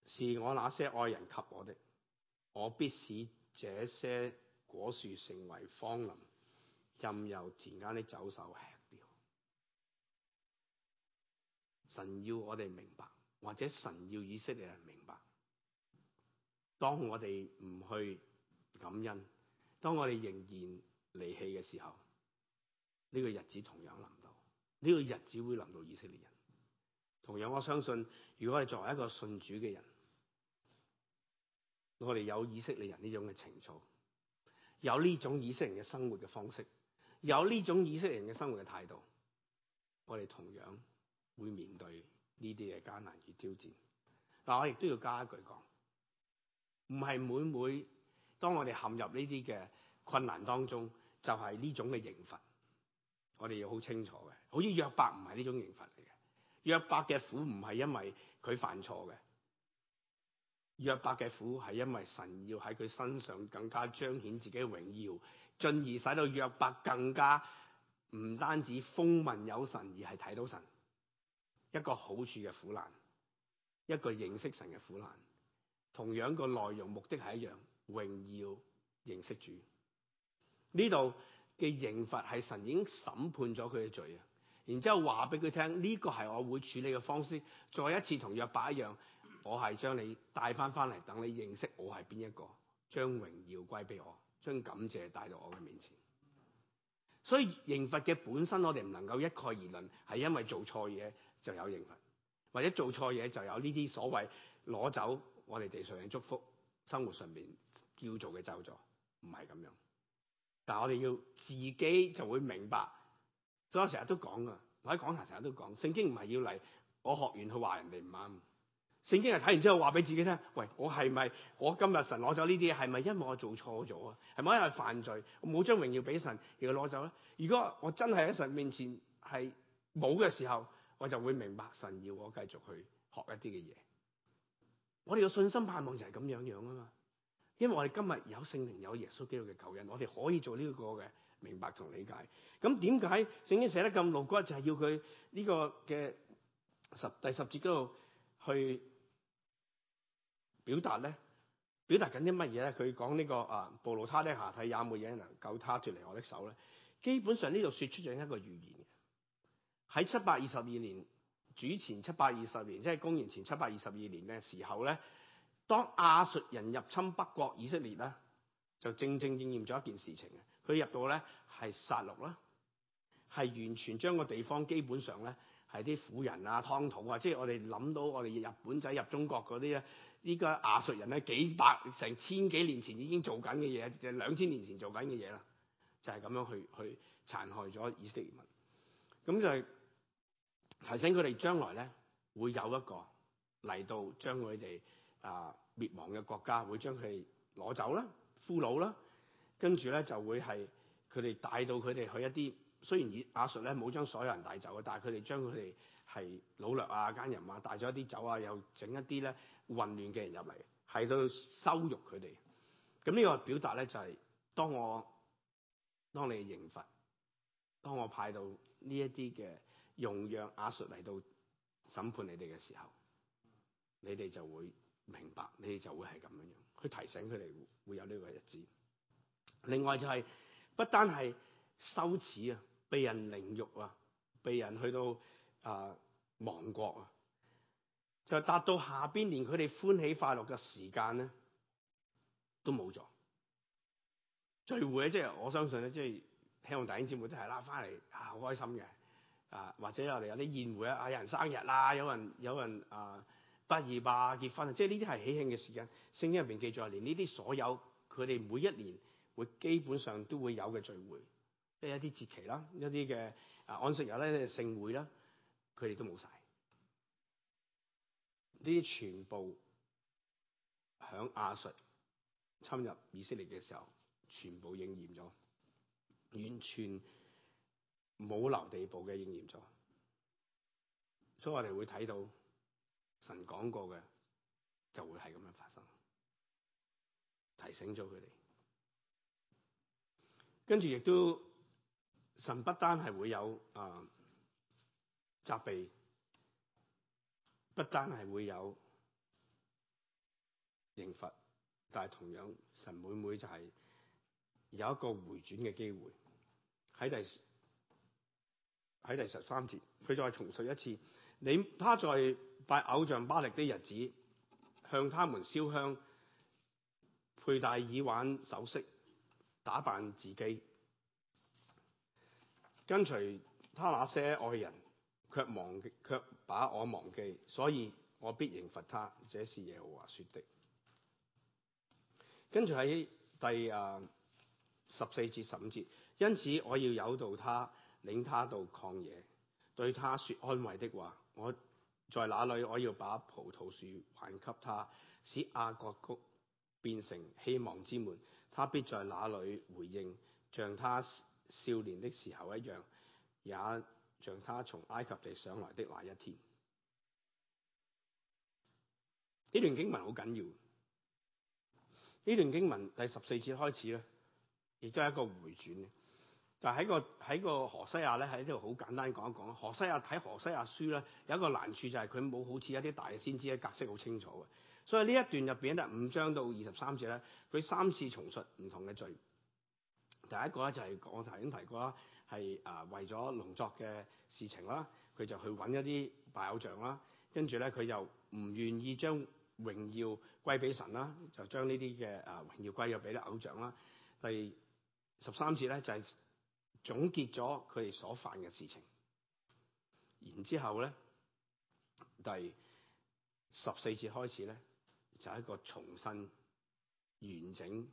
是我那些愛人給我的。」我必使這些果樹成為荒林，任由田間的走獸吃掉。神要我哋明白，或者神要以色列人明白。當我哋唔去感恩，當我哋仍然離棄嘅時候，呢個日子同樣臨到，呢個日子會臨到以色列人。同樣，我相信，如果我哋作為一個信主嘅人，我哋有以色列人呢種嘅情操，有呢種以色列人嘅生活嘅方式，有呢種以色列人嘅生活嘅態度，我哋同樣會面對呢啲嘅艱難與挑戰。但我亦都要加一句講。唔係每每當我哋陷入呢啲嘅困難當中，就係呢種嘅刑罰，我哋要好清楚嘅。好似約伯唔係呢種刑罰嚟嘅，約伯嘅苦唔係因為佢犯錯嘅，約伯嘅苦係因為神要喺佢身上更加彰顯自己嘅榮耀，進而使到約伯更加唔單止風聞有神，而係睇到神一個好處嘅苦難，一個認識神嘅苦難。同樣個內容目的係一樣，榮耀認識主。呢度嘅刑罰係神已經審判咗佢嘅罪啊，然之後話俾佢聽：呢個係我會處理嘅方式。再一次同約伯一樣，我係將你帶翻翻嚟，等你認識我係邊一個，將榮耀歸俾我，將感謝帶到我嘅面前。所以刑罰嘅本身，我哋唔能夠一概而論，係因為做錯嘢就有刑罰，或者做錯嘢就有呢啲所謂攞走。我哋地上嘅祝福，生活上面叫做嘅就做，唔係咁樣。但係我哋要自己就會明白，所以我成日都講噶，我喺講壇成日都講，聖經唔係要嚟，我學完去話人哋唔啱，聖經係睇完之後話俾自己聽，喂，我係咪我今日神攞走呢啲，係咪因為我做錯咗啊？係咪因為犯罪我冇將榮耀俾神而佢攞走咧？如果我真係喺神面前係冇嘅時候，我就會明白神要我繼續去學一啲嘅嘢。我哋嘅信心盼望就係咁樣樣啊嘛，因為我哋今日有聖靈、有耶穌基督嘅救恩，我哋可以做呢個嘅明白同理解。咁點解聖經寫得咁露骨，就係要佢呢個嘅十第十節嗰度去表達咧？表達緊啲乜嘢咧？佢講呢，他說這個啊，暴露他的下體，也冇嘢能夠他脫離我的手咧。基本上呢度說出咗一個預言嘅，喺七百二十二年。主前七百二十年，即係公元前七百二十二年嘅時候咧，當亞述人入侵北國以色列咧，就正正應驗咗一件事情嘅。佢入到咧係殺戮啦，係完全將個地方基本上咧係啲婦人啊、劏土啊，即係我哋諗到我哋日本仔入中國嗰啲咧，呢個亞述人咧幾百成千幾年前已經做緊嘅嘢，兩千年前做緊嘅嘢啦，就係咁樣去去殘害咗以色列民，咁就係。提醒佢哋將來咧會有一個嚟到將佢哋啊滅亡嘅國家，會將佢攞走啦，俘虜啦，跟住咧就會係佢哋帶到佢哋去一啲雖然以阿術咧冇將所有人帶走啊，但係佢哋將佢哋係奴隸啊、奸人啊帶咗一啲走啊，又整一啲咧混亂嘅人入嚟，係度羞辱佢哋。咁呢個表達咧就係、是、當我當你嘅刑罰，當我派到呢一啲嘅。容讓亞述嚟到審判你哋嘅時候，你哋就會明白，你哋就會係咁樣樣去提醒佢哋會有呢個日子。另外就係、是、不單係羞恥啊，被人凌辱啊，被人去到啊、呃、亡國啊，就達到下邊連佢哋歡喜快樂嘅時間咧都冇咗。聚會咧，即、就、係、是、我相信咧，即、就、係、是、希望弟兄姊妹都係拉翻嚟啊，好開心嘅。啊，或者有嚟有啲宴會啊，有人生日啦，有人有人啊，畢業啊結婚，即係呢啲係喜慶嘅時間。聖經入邊記載，連呢啲所有佢哋每一年會基本上都會有嘅聚會，即係一啲節期啦，一啲嘅啊，安息日咧，些聖會啦，佢哋都冇晒。呢啲全部響亞述侵入以色列嘅時候，全部應驗咗，完全。冇留地步嘅，應驗咗，所以我哋會睇到神講過嘅就會係咁樣發生，提醒咗佢哋。跟住亦都神不單係會有啊、呃、責備，不單係會有刑罰，但係同樣神每每就係有一個回轉嘅機會喺第。喺第十三節，佢再重述一次：你他在拜偶像巴力的日子，向他們燒香、佩戴耳環、首飾、打扮自己，跟隨他那些愛人，卻忘卻把我忘記，所以我必刑罰他。這是耶和華說的。跟住喺第十四節十五節，因此我要誘導他。領他到曠野，對他說安慰的話。我在哪裏，我要把葡萄樹還給他，使亞各谷變成希望之門。他必在那裏回應，像他少年的時候一樣，也像他從埃及地上來的那一天。呢段經文好緊要。呢段經文第十四節開始咧，亦都係一個回轉。但喺個喺個何西阿咧，喺呢度好簡單講一講。何西阿，睇何西阿書咧，有一個難處，就係佢冇好似一啲大嘅先知嘅格式好清楚嘅。所以呢一段入邊咧，五章到二十三節咧，佢三次重述唔同嘅罪。第一個咧就係、是、我頭先提過啦，係啊為咗農作嘅事情啦，佢就去揾一啲拜偶像啦，跟住咧佢又唔願意將榮耀歸俾神啦，就將呢啲嘅啊榮耀歸入俾啲偶像啦。第十三節咧就係、是。總結咗佢哋所犯嘅事情，然之後咧，第十四節開始咧，就係、是、一個重新完整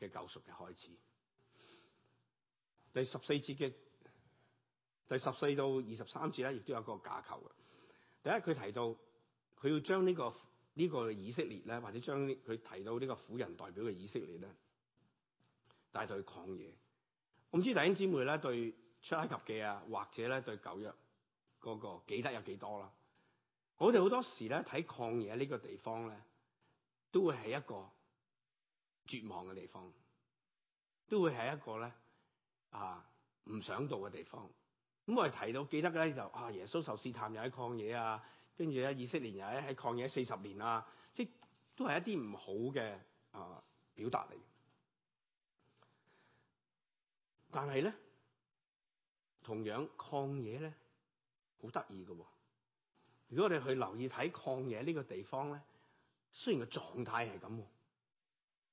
嘅救贖嘅開始。第十四節嘅第十四到二十三節咧，亦都有一個架構嘅。第一，佢提到佢要將呢、呢個呢、呢個以色列咧，或者將佢提到呢個婦人代表嘅以色列咧，帶到去曠野。我唔知弟兄姊妹咧對出埃及記啊，或者咧對舊約嗰、那個記得有幾多啦？我哋好多時咧睇曠野呢個地方咧，都會係一個絕望嘅地方，都會係一個咧啊唔想到嘅地方。咁、啊、我哋提到記得咧就是、啊，耶穌受試探又喺曠野啊，跟住咧以色列人喺喺曠野四十年啊，即係都係一啲唔好嘅啊表達嚟。但係咧，同樣曠野咧，好得意嘅。如果我哋去留意睇曠野呢個地方咧，雖然個狀態係咁，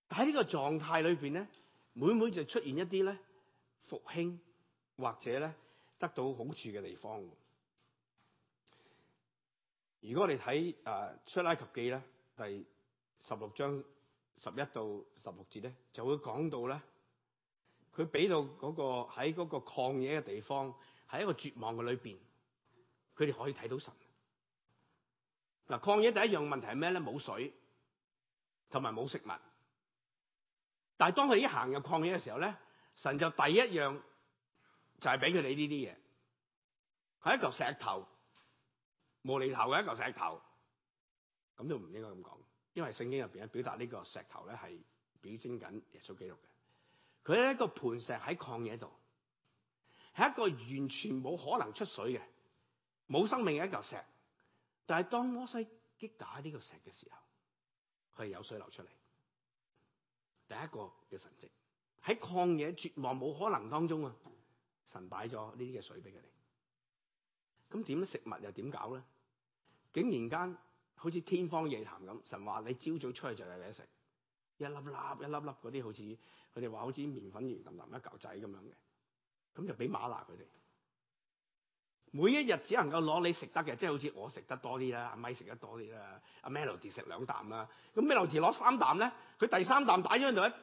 但喺呢個狀態裏邊咧，每每就出現一啲咧復興或者咧得到好處嘅地方。如果我哋睇誒出埃及記咧，第十六章十一到十六節咧，就會講到咧。佢俾到嗰、那個喺嗰個曠野嘅地方，喺一個絕望嘅裏面。佢哋可以睇到神。嗱，曠野第一樣問題係咩咧？冇水同埋冇食物。但係當佢一行入曠野嘅時候咧，神就第一樣就係俾佢哋呢啲嘢，係一嚿石頭，無厘頭嘅一嚿石頭。咁都唔應該咁講，因為聖經入面咧表達呢個石頭咧係表徵緊耶穌基督嘅。佢係一個盤石喺曠野度，係一個完全冇可能出水嘅、冇生命嘅一嚿石。但係當摩西擊打呢個石嘅時候，佢係有水流出嚟。第一個嘅神跡喺曠野絕望冇可能當中啊，神擺咗呢啲嘅水俾佢哋。咁點食物又點搞咧？竟然間好似天方夜譚咁，神話你朝早出去就有嘢食，一粒粒、一粒粒嗰啲好似～佢哋話好似啲麵粉圓淋淋一嚿仔咁樣嘅，咁就俾馬拿佢哋。每一日只能夠攞你食得嘅，即係好似我食得多啲啦，阿咪食得多啲啦，阿 Melody 食兩啖啦。咁 Melody 攞三啖咧，佢第三啖打咗喺度，一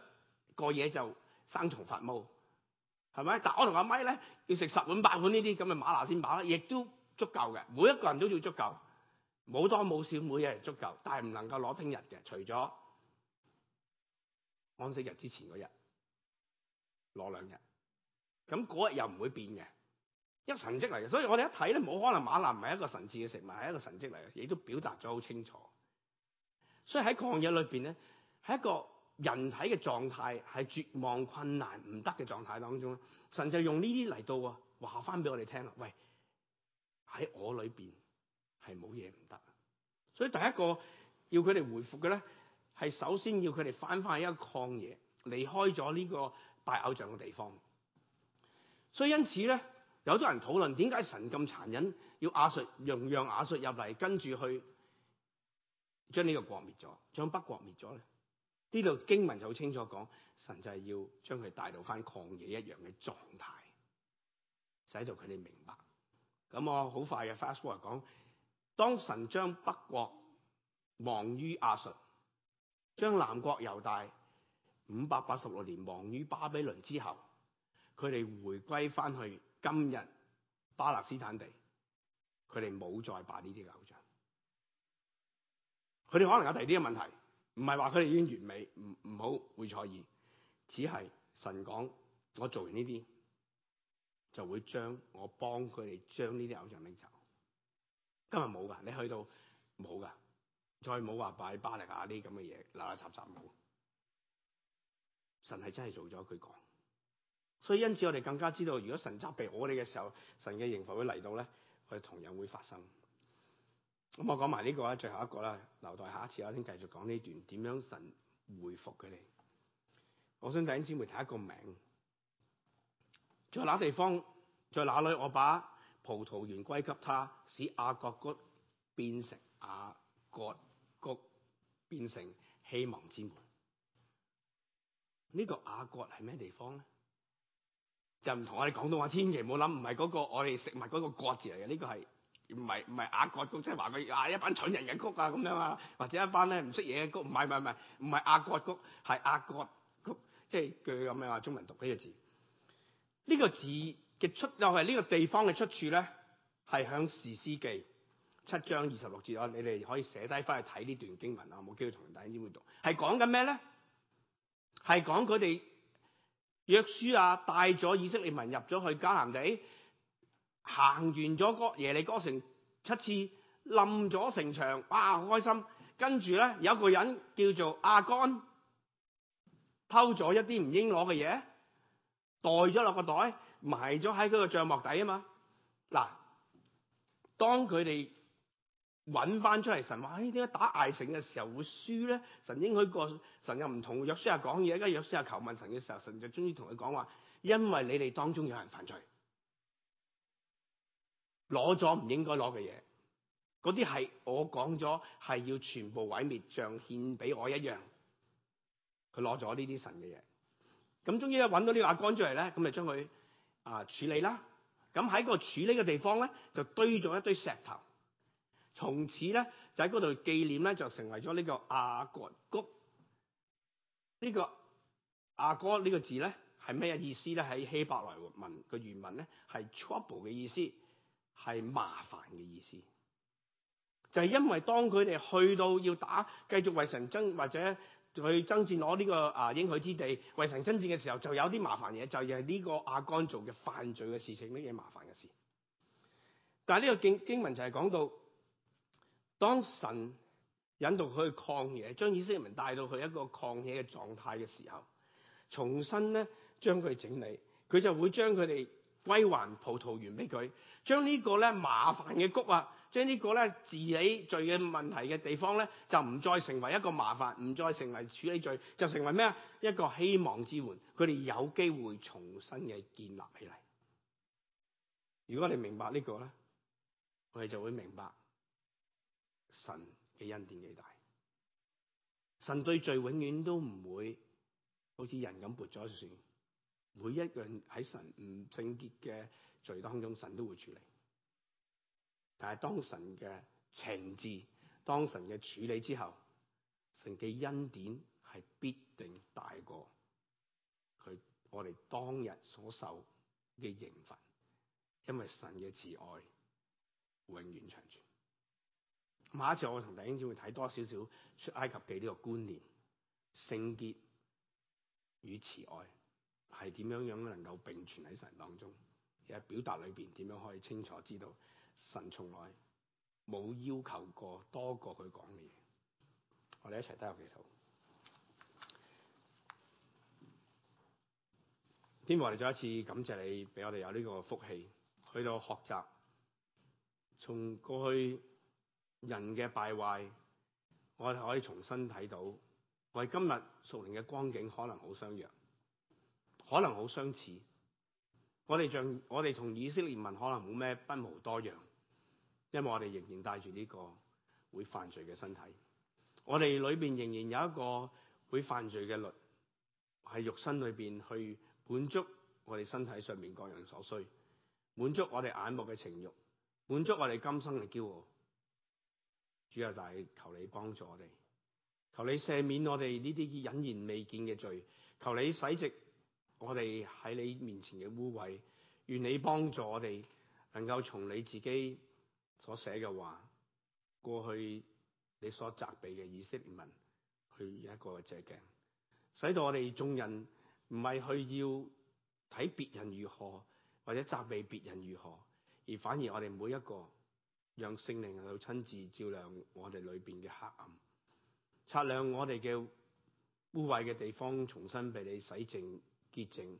過夜就生蟲發毛，係咪？但我同阿咪咧要食十碗八碗呢啲咁嘅馬拿先飽，亦都足夠嘅。每一個人都要足夠，冇多冇少，每日係足夠，但係唔能夠攞聽日嘅，除咗安息日之前嗰日。攞兩日，咁嗰日又唔會變嘅，一神跡嚟嘅。所以我哋一睇咧，冇可能嗎哪唔係一個神蹟嘅食物，係一個神跡嚟嘅，亦都表達咗好清楚。所以喺曠野裏邊咧，係一個人體嘅狀態係絕望、困難、唔得嘅狀態當中咧，神就用呢啲嚟到話翻俾我哋聽啦。喂，喺我裏邊係冇嘢唔得，所以第一個要佢哋回復嘅咧，係首先要佢哋翻返去一個曠野，離開咗呢、這個。拜偶像嘅地方，所以因此咧，有好多人討論點解神咁殘忍，要亞述，容讓亞述入嚟，跟住去將呢個國滅咗，將北國滅咗咧？呢度經文就好清楚講，神就係要將佢帶到返曠野一樣嘅狀態，使到佢哋明白。咁我好快嘅 fast forward 講，當神將北國亡於亞述，將南國猶大。五百八十六年亡於巴比倫之後，佢哋回歸返去今日巴勒斯坦地，佢哋冇再拜呢啲偶像。佢哋可能有第啲嘅問題，唔係話佢哋已經完美，唔，唔好會錯意。只係神講，我做完呢啲就會將我幫佢哋將呢啲偶像拎走。今日冇噶，你去到冇噶，再冇話拜巴力啊啲咁嘅嘢，垃垃雜雜冇。神係真係做咗佢講，所以因此我哋更加知道，如果神責備我哋嘅時候，神嘅刑罰會嚟到咧，佢哋同樣會發生。咁我講埋呢、這個啦，最後一個啦，留待下一次我先繼續講呢段，點樣神回復佢哋？我想弟兄姊妹睇一個名，在哪地方，在哪裡？我把葡萄園歸給他，使亞各谷變成亞各谷，變成希望之門。呢個雅閣係咩地方咧？就唔同我哋廣東話，千祈唔好諗，唔係嗰個我哋食物嗰個谷字嚟嘅。呢個係唔係唔係雅閣谷，即係話佢話一班蠢人嘅谷啊咁樣啊，或者一班咧唔識嘢嘅谷，唔係唔係唔係，唔係雅閣谷，係雅閣谷，即係鋸咁樣啊！中文讀呢個字，呢個字嘅出又係呢個地方嘅出處咧，係響《史書記》七章二十六節啊！你哋可以寫低翻去睇呢段經文啊，冇機會同大家一齊讀，係講緊咩咧？係講佢哋約書亞，帶咗以色列民入咗去迦南地，行完咗個耶利哥城七次，冧咗城牆，哇，好開心。跟住咧，有一個人叫做亞干，偷咗一啲唔應攞嘅嘢，袋咗落個袋，埋咗喺佢個帳幕底啊嘛。嗱，當佢哋揾翻出嚟，神話，哎，點解打艾城嘅時候會輸咧？神應許過，神又唔同約書亞講嘢，而家約書亞求問神嘅時候，神就終於同佢講話，因為你哋當中有人犯罪，攞咗唔應該攞嘅嘢，啲係我講咗係要全部毀滅，像獻俾我一樣，佢攞咗呢啲神嘅嘢，咁終於一揾到呢個亞干出嚟咧，咁就將佢啊、呃、處理啦。咁喺個處理嘅地方咧，就堆咗一堆石頭。從此咧就喺嗰度紀念咧，就成為咗呢個亞幹谷。呢、這個亞幹呢個字咧係咩意思咧？喺希伯來文個原文咧係 trouble 嘅意思，係麻煩嘅意思。就係、是、因為當佢哋去到要打，繼續為神爭或者去爭戰攞呢個啊應許之地，為神爭戰嘅時候，就有啲麻煩嘢，就係、是、呢個亞幹做嘅犯罪嘅事情，啲嘢麻煩嘅事。但係呢個經經文就係講到。當神引導佢去曠野，將以色列人帶到去一個曠野嘅狀態嘅時候，重新咧將佢整理，佢就會將佢哋歸還葡萄園俾佢，將這個呢個咧麻煩嘅谷啊，將這個呢個咧治理罪嘅問題嘅地方咧，就唔再成為一個麻煩，唔再成為處理罪，就成為咩啊？一個希望之源，佢哋有機會重新嘅建立起嚟。如果你明白這個呢個咧，我哋就會明白。神嘅恩典幾大？神對罪永遠都唔會好似人咁撥咗就算，每一樣喺神唔聖潔嘅罪當中，神都會處理。但係當神嘅懲治，當神嘅處理之後，神嘅恩典係必定大過佢、我哋當日所受嘅刑罰，因為神嘅慈愛永遠長存。下一次我同弟兄姊妹會睇多少少出埃及記呢個觀念，聖潔與慈愛係點樣樣能夠並存喺神當中，而喺表達裏邊點樣可以清楚知道神從來冇要求過多過佢講嘅嘢。我哋一齊低下頭祈禱。天父，我哋再一次感謝你，俾我哋有呢個福氣去到學習，從過去。人嘅敗壞，我哋可以重新睇到。我哋今日屬靈嘅光景可能好相若，可能好相似。我哋像我哋同以色列民可能冇咩不無多樣，因為我哋仍然帶住呢個會犯罪嘅身體。我哋裏邊仍然有一個會犯罪嘅律，喺肉身裏邊去滿足我哋身體上面各樣所需，滿足我哋眼目嘅情慾，滿足我哋今生嘅驕傲。主啊，大求你幫助我哋，求你赦免我哋呢啲隱然未見嘅罪，求你洗淨我哋喺你面前嘅污穢，願你幫助我哋能夠從你自己所寫嘅話，過去你所責備嘅以色列民去一個借鏡，使到我哋眾人唔係去要睇別人如何，或者責備別人如何，而反而我哋每一個。讓聖靈能夠親自照亮我哋裏邊嘅黑暗，擦亮我哋嘅污穢嘅地方，重新被你洗淨潔淨，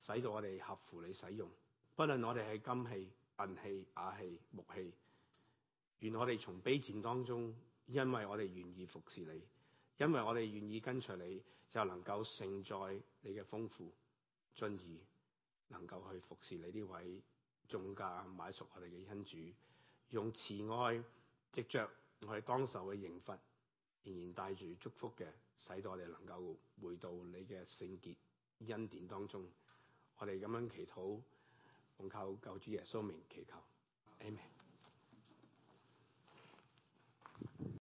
使到我哋合乎你使用。不論我哋係金器、銀器、瓦器、木器，願我哋從卑賤當中，因為我哋願意服侍你，因為我哋願意跟隨你，就能夠承載你嘅豐富，進而能夠去服侍你呢位重價買贖我哋嘅恩主。用慈愛，藉着我哋當受嘅刑罰，仍然帶住祝福嘅，使到我哋能夠回到你嘅聖潔恩典當中。我哋咁樣祈禱，奉靠救主耶穌名祈求，a 阿門。Amen。